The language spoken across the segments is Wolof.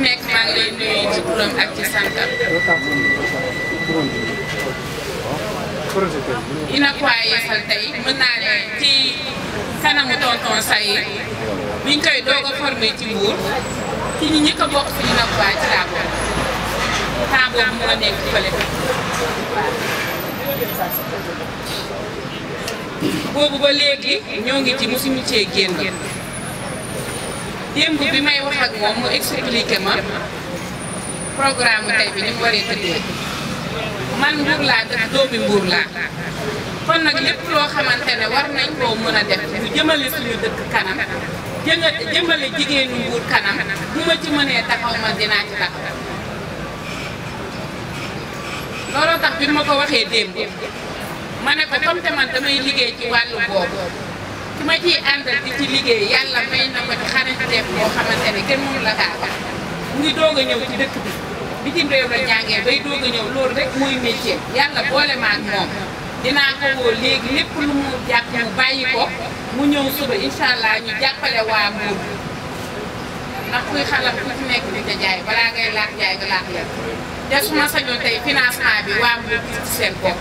nekk maa ngi lay nuyu ci turam ak ci santam. Unacois Yeesal tey mën naa ne ci kanamu tonton Saye biñ koy doog a formé ci Mbour ci ñi ñi bokk ci Unacois ci laa mu nga nekk fële. boobu ba léegi ñoo ngi ci mosuñu cee génn. démb bi may wax ak moom mu expliqué ma programme tey bi ni mu waree tëddee man mbuur laa dëkk doomi mbuur laa kon nag lépp loo xamante ne war nañ koo mën a def ñu jëmale suñu dëkk kanam jëmale jigéenu mbuur kanam bu ma ci mënee taxaw ma dinaa ci taxaw looloo tax bi ma ko waxee démb ma ne ko comme te man damay liggéey ci wàllu boobu su ma ciy àndal di ci liggéey yàlla may na ma ci xarañteef boo xamante ne kenn mënu la kaa wax mu ngi doog a ñëw ci dëkk bi bitim réew la jàngee bay doog a ñëw loolu rek mooy métier yàlla boole moom dinaa ko léegi lépp lu mu jàpp mu bàyyi ko mu ñëw suba incha allah ñu jàppale waa Mbour ndax kuy xalam ku ci nekk di ca jaay balaa ngay laaj jaay nga laaj la te su ma sañoon tey financement bi waa Mbour ci seen bopp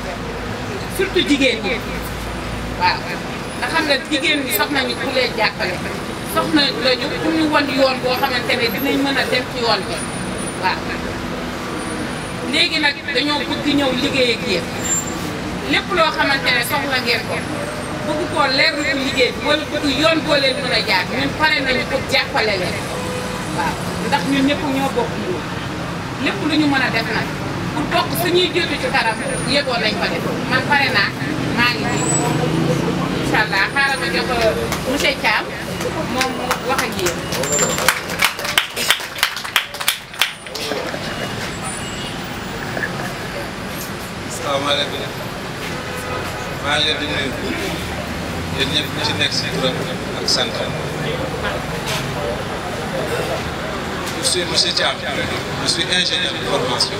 surtout jigéen ñi waaw. nga xam ne jigéen ñi soxna ñu ku leen jàppale soxna lañu pour ñu wan yoon boo xamante ne dinañ mën a dem ci yoon bi waaw léegi nag dañoo bëgg ñëw liggéey ak yéen lépp loo xamante ne soxla ngeen ko bëgg koo leerlu ci liggéey bi wala bëgg yoon boo leen mën a jaar ñun pare nañu pour jàppale leen waaw ndax ñun ñëpp ñoo bokk nguur lépp lu ñu mën a def nag pour bokk suñuy jotu ci kanam yëgoon nañ ko def man pare naa monsieur Thiam moom mu wax ak yéen. asalaamaaleykum maa ngi leen di nuyu yéen ñëpp ñu ci nekk si turam ak sant. monsieur monsieur Thiam je suis ingénieur de formation.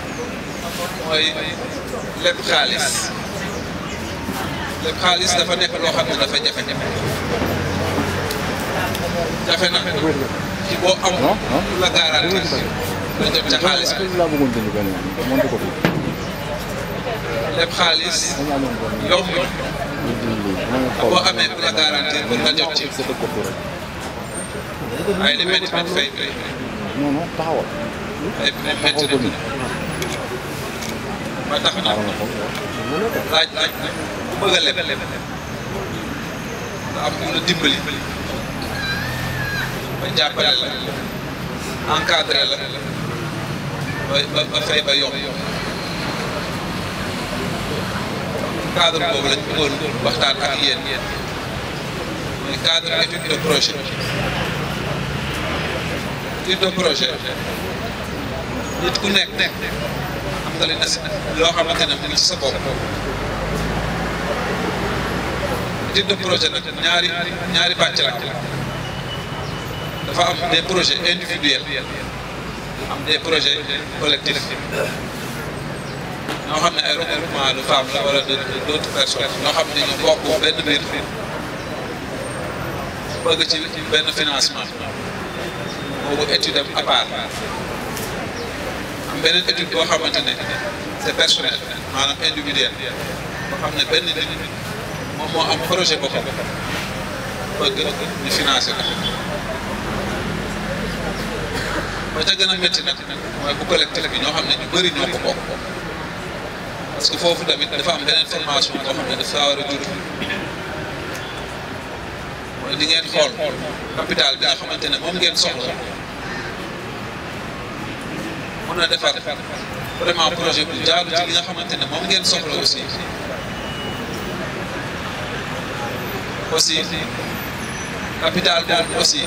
mooy leb xaalis leb xaalis dafa nekk loo xam ne dafa jafe-jafe jafe na ci boo am la garanti la jot ca xaalis leb xaalis yomb boo amee bu la garanti mën nga jot ci ay li métti métti fay ay métti métti mooy tax a laaj laaj bu bëgg a leb nga am ku mun a dimbali ba jàppale la encadré la ba ba fay ba yomb cadre boobu lañ bëggoon waxtaan ak yéen mooy cadre étude de projet étude de projet nit ku nekk nekk. xamante ne loo xamante ne mu ngi ci sa bopp. type de projet nag ñaari ñaari bàcc la dafa am des projets individuels am des projets collectifs ñoo xam ne ay regroupement de femmes la wala de d' autres personnes ñoo xam ne ñu bokk benn mbir bëgg ci benn financement boobu étude am à part beneen étude boo xamante ne c'est personnel maanaam individuel boo xam ne benn nit moom moo am projet boppam bëgg ñu financer ko ba ca gën a métti nag mooy bu collectif bi ñoo xam ne ñu bëri ñoo ko bokk parce que foofu tamit dafa am beneen formation boo xam ne dafa war a jur mooy di ngeen xool capital bi nga xamante ne moom ngeen soxla mën a defar vraiment projet bu jaadu ci li nga xamante ne moom ngeen soxla aussi aussi capital boobu aussi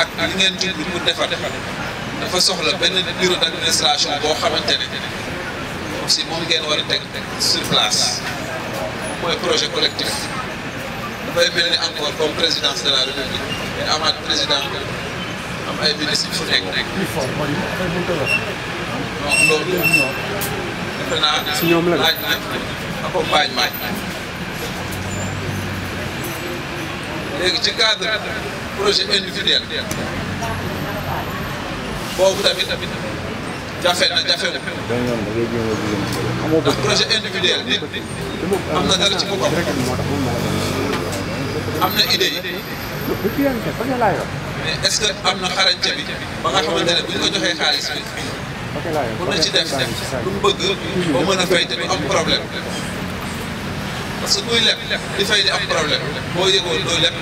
ak li ngeen jublu pour defar dafa soxla benn bureau d' administration boo xamante ne aussi moom ngeen war a teg sur place mooy projet collectif dafay mel ni encore comme de la République amaat président am ay ministres yu nekk nekk. donc loolu defe naa. si ñoom la laaj na accompagnement. léegi ci cadre projet individuel. boobu tamit tamit jafe na jafe na. ndax projet individuel nit am na dara ci boppam. am na idée yi. mais est-ce que am na xarañte bi ba nga xamante ne bu ñu ko joxee xaalis bi mën na ci def def lu mu bëgg ba mën a fay te du am problème parce que kuy leb di fay di am problème boo yëgoon doo leb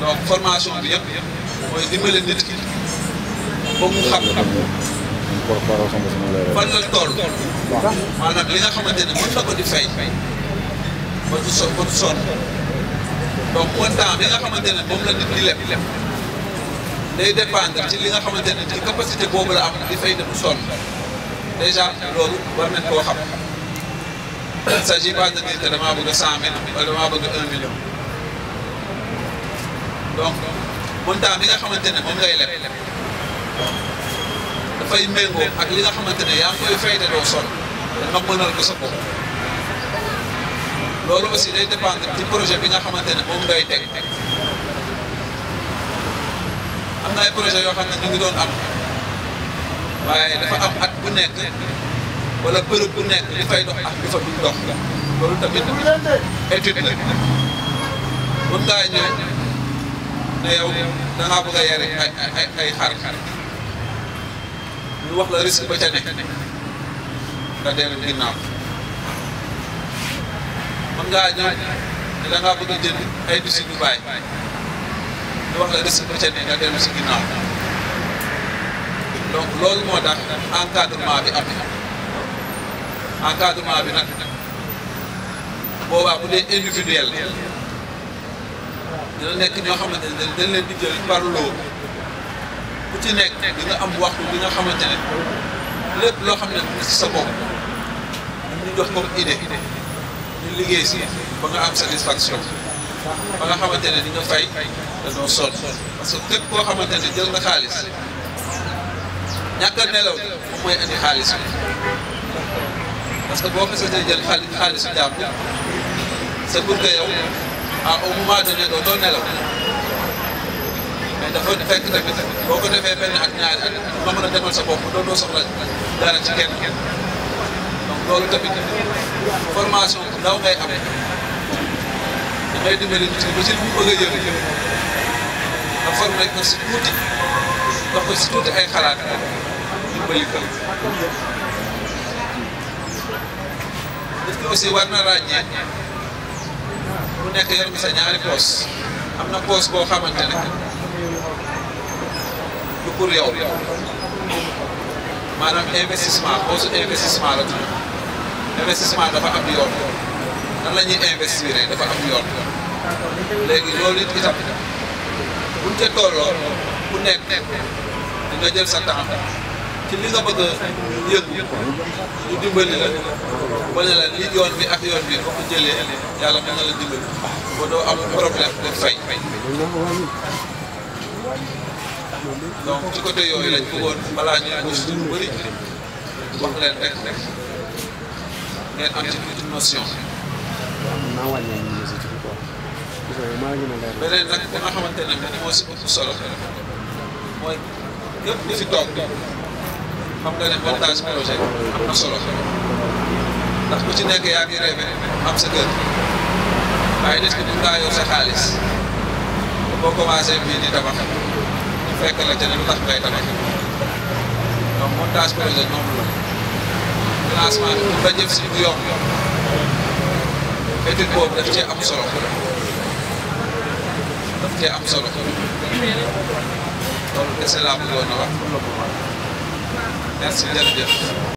donc formation bi yëpp mooy dimbale nit ki ba mu xam fan la toll maanaam li nga xamante ne mën na ko di fay ba du so ba du sonn donc montant bi nga xamante ne moom la nit di leb leb day dépendre ci li nga xamante ne ci capacité boobu la am di fay dem sonn déjà loolu war nañ koo xam il s'agit pas de dire que damaa bëgg cent mille wala damaa bëgg un million donc montant bi nga xamante ne moom ngay leb dafay méngoo ak li nga xamante ne yaa ngi koy fay te doo sonn nga mënal ko sa bopp loolu aussi day dépendre ci projet bi nga xamante ne moom ngay teg am na ay projet yoo xam ne ñu ngi doon am waaye dafa am at bu nekk wala bërëb bu nekk li fay dox ak li fa dul dox loolu tamit étude la mun ngaa ñëw ne yow da ngaa bëgg a yare ay ay ay xar wax la risque ba ca nekk nga dellu ginnaaw. mën ngaa ñëw ne da ngaa bëgg a jënd ay dusi ñu bàyyi ñu wax la desi ba ca ne nga dellu si ginnaaw donc loolu moo tax encadrement bi am na encadrement bi nag boobaa bu dee individuel dina nekk ñoo xamante ne dañ leen di jël par loo ku ci nekk di nga am waxtu bi nga xamante ne lépp loo xam ne si sa bopp ñu jox comme idée. liggéey si ba nga am satisfaction ba nga xamante ne di nga fay dañoo sonn parce que képp koo xamante ne jël na xaalis ñàkk a nelaw moom mooy indi xaalis bi parce que boo xasee jël xaalis xaalisu jàmbur c'est pour que yow à au moment donné dootoo nelaw mais dafa fekk tamit boo ko defee benn ak ñaari at nga mën a demal sa bopp dootoo soxla dara ci kenn kenn donc loolu tamit formation ndaw ngay am dangay dimbali nit ñi ba ci li mu bëgg a yëngu nga formé ko si tuuti dox ko si tuuti ay xalaat dimbali ko. nit ki aussi war na ràññee mu nekk yor ko sa ñaari poos am na poos boo xamante ne du pour yow yow maanaam investissement poosu investissement la tudd investissement dafa am yoon. nan la ñuy investir dafa am yoon léegi loolu it itam buñ ca tolloo ku nekk dina jël sa temps ci li nga bëgg a yëngu ñu dimbali la wala la li yoon bi ak yoon bi boo ko jëlee yàlla mën na la dimbali ba doo am problème de fay donc ci côté yooyu lañ bëggoon balaa ñuy gis lu bëri wax leen rek rek am ci notion. naa wàññi ñu ngi si ci quoi. gis nga maa ngi leen leer. beneen nag bi nga xamante ne bii moo si ëpp solo mooy képp ku fi toog xam nga ne montage projet am na solo ndax ku ci nekk yaa ngi rêvé am sa kër waaye nit ki mën ngaa yor sa xaalis boo commencé bii di tabax ñu fekk la ca ne lu tax ngay tabax donc montage projet ñoom la financement bi pour nga jëm si du yomb yomb. méthode boobu daf cee am solo daf cee am solo loolu kese laa bëggoon a wax